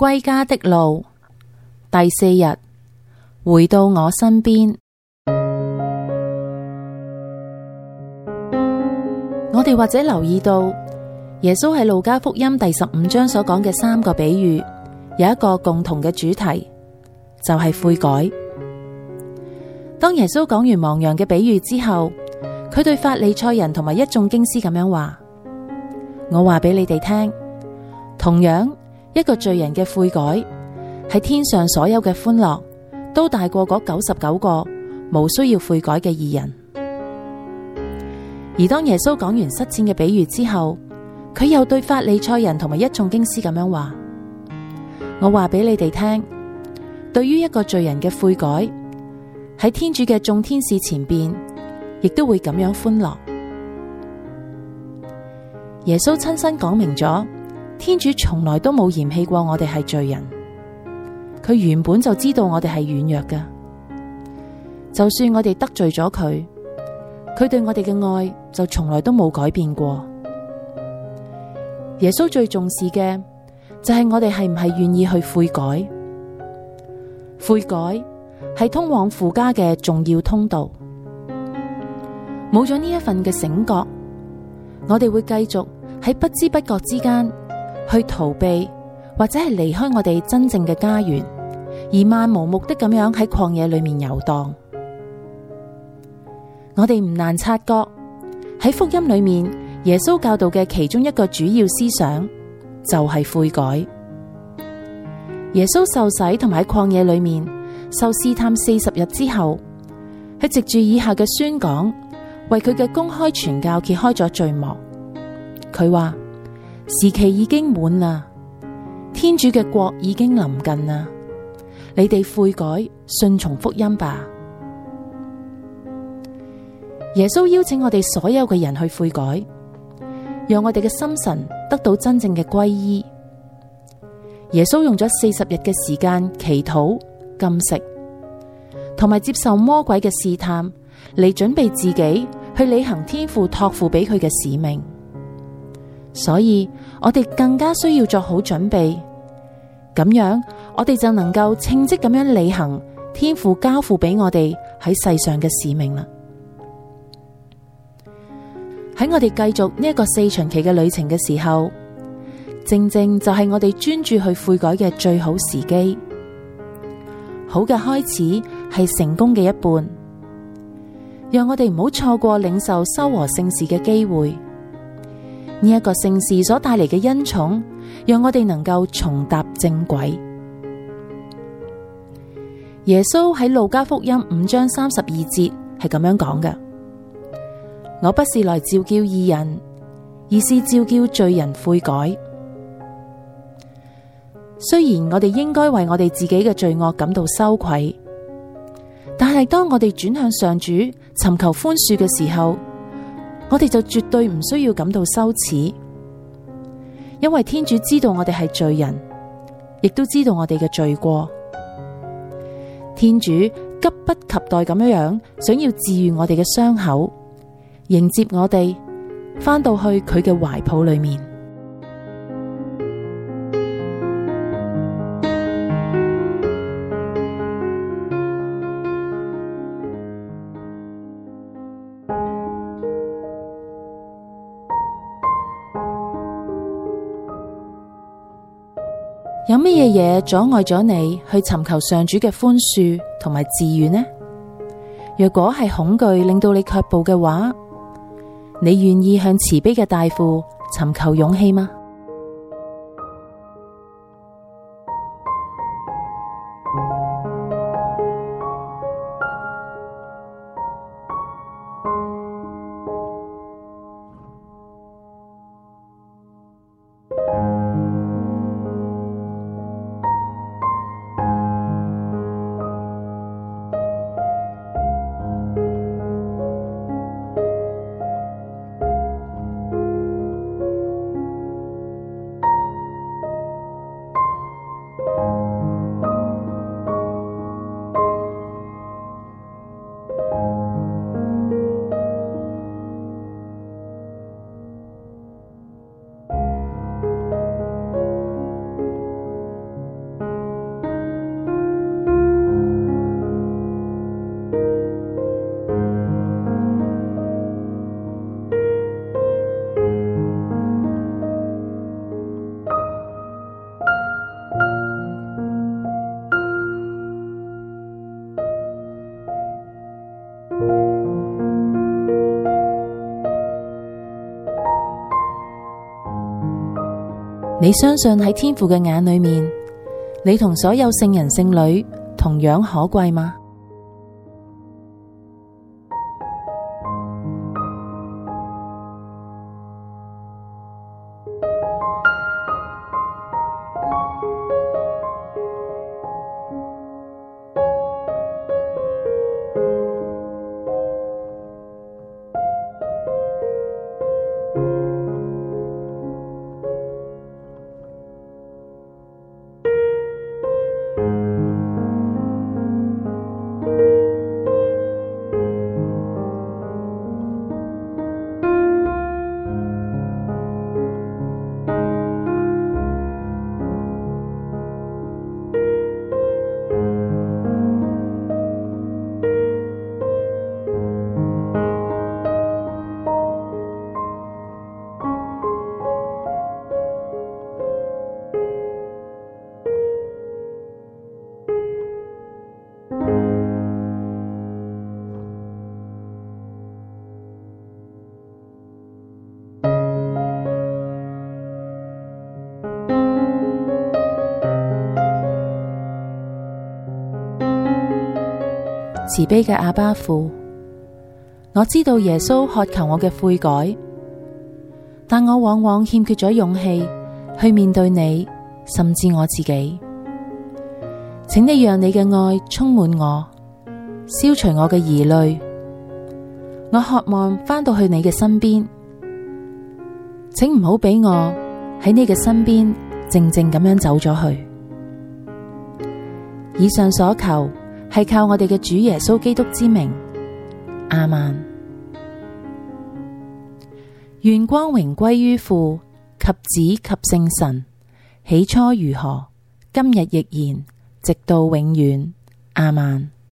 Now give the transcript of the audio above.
歸家的路，第四日，回到我身邊。 我哋或者留意到，耶穌喺路加福音第十五章所講嘅三個比喻，有一個共同嘅主題，就係悔改。當耶穌講完亡羊嘅比喻之後，佢對法利賽人同埋一眾經師咁樣話：我話畀你哋聽，同樣。一個罪人嘅悔改，喺天上所有嘅歡樂，都大過嗰九十九個冇需要悔改嘅義人。而當耶穌講完失錢嘅比喻之後，佢又對法利賽人同埋一眾經師咁樣話：「我話俾你哋聽，對於一個罪人嘅悔改，喺天主嘅眾天使前面，亦都會咁樣歡樂。耶穌親身講明咗。天主從來都冇嫌棄過我哋係罪人，佢原本就知道我哋係軟弱噶。就算我哋得罪咗佢，佢對我哋嘅愛就從來都冇改變過。耶穌最重視嘅就係、是、我哋係唔係願意去悔改，悔改係通往父家嘅重要通道。冇咗呢一份嘅醒覺，我哋會繼續喺不知不覺之間。去逃避或者係離開我哋真正嘅家園，而漫無目的咁樣喺曠野裏面遊蕩。我哋唔難察覺，喺福音裏面，耶穌教導嘅其中一個主要思想就係悔改。耶穌受洗同埋喺曠野裏面受試探四十日之後，佢藉住以下嘅宣講，為佢嘅公開傳教揭開咗序幕。佢話。時期已經滿啦，天主嘅國已經臨近啦，你哋悔改、信從福音吧。耶穌邀請我哋所有嘅人去悔改，讓我哋嘅心神得到真正嘅皈依。耶穌用咗四十日嘅時間祈禱、禁食，同埋接受魔鬼嘅試探，嚟準備自己去履行天父託付俾佢嘅使命。所以我哋更加需要做好準備，咁樣我哋就能夠稱職咁樣履行天父交付俾我哋喺世上嘅使命啦。喺我哋繼續呢一個四旬期嘅旅程嘅時候，正正就係我哋專注去悔改嘅最好時機。好嘅開始係成功嘅一半，讓我哋唔好錯過領受修和聖事嘅機會。呢一個聖事所帶嚟嘅恩寵，讓我哋能夠重踏正軌。耶穌喺路加福音五章三十二節係咁樣講嘅：「我不是來召叫義人，而是召叫罪人悔改。雖然我哋應該為我哋自己嘅罪惡感到羞愧，但係當我哋轉向上主尋求寬恕嘅時候，我哋就絕對唔需要感到羞恥，因為天主知道我哋係罪人，亦都知道我哋嘅罪過。天主急不及待咁樣，想要治癒我哋嘅傷口，迎接我哋翻到去佢嘅懷抱裏面。有乜嘢嘢阻礙咗你去尋求上主嘅寬恕同埋治癒呢？若果係恐懼令到你卻步嘅話，你願意向慈悲嘅大父尋求勇氣嗎？你相信喺天父嘅眼裏面，你同所有聖人聖女同樣可貴嗎？慈悲嘅阿爸父，我知道耶穌渴求我嘅悔改，但我往往欠缺咗勇氣去面對你，甚至我自己。請你讓你嘅愛充滿我，消除我嘅疑慮。我渴望返到去你嘅身邊，請唔好俾我喺你嘅身邊靜靜咁樣走咗去。以上所求。係靠我哋嘅主耶穌基督之名，亞孟。願光榮歸於父及子及聖神。起初如何，今日亦然，直到永遠，亞孟。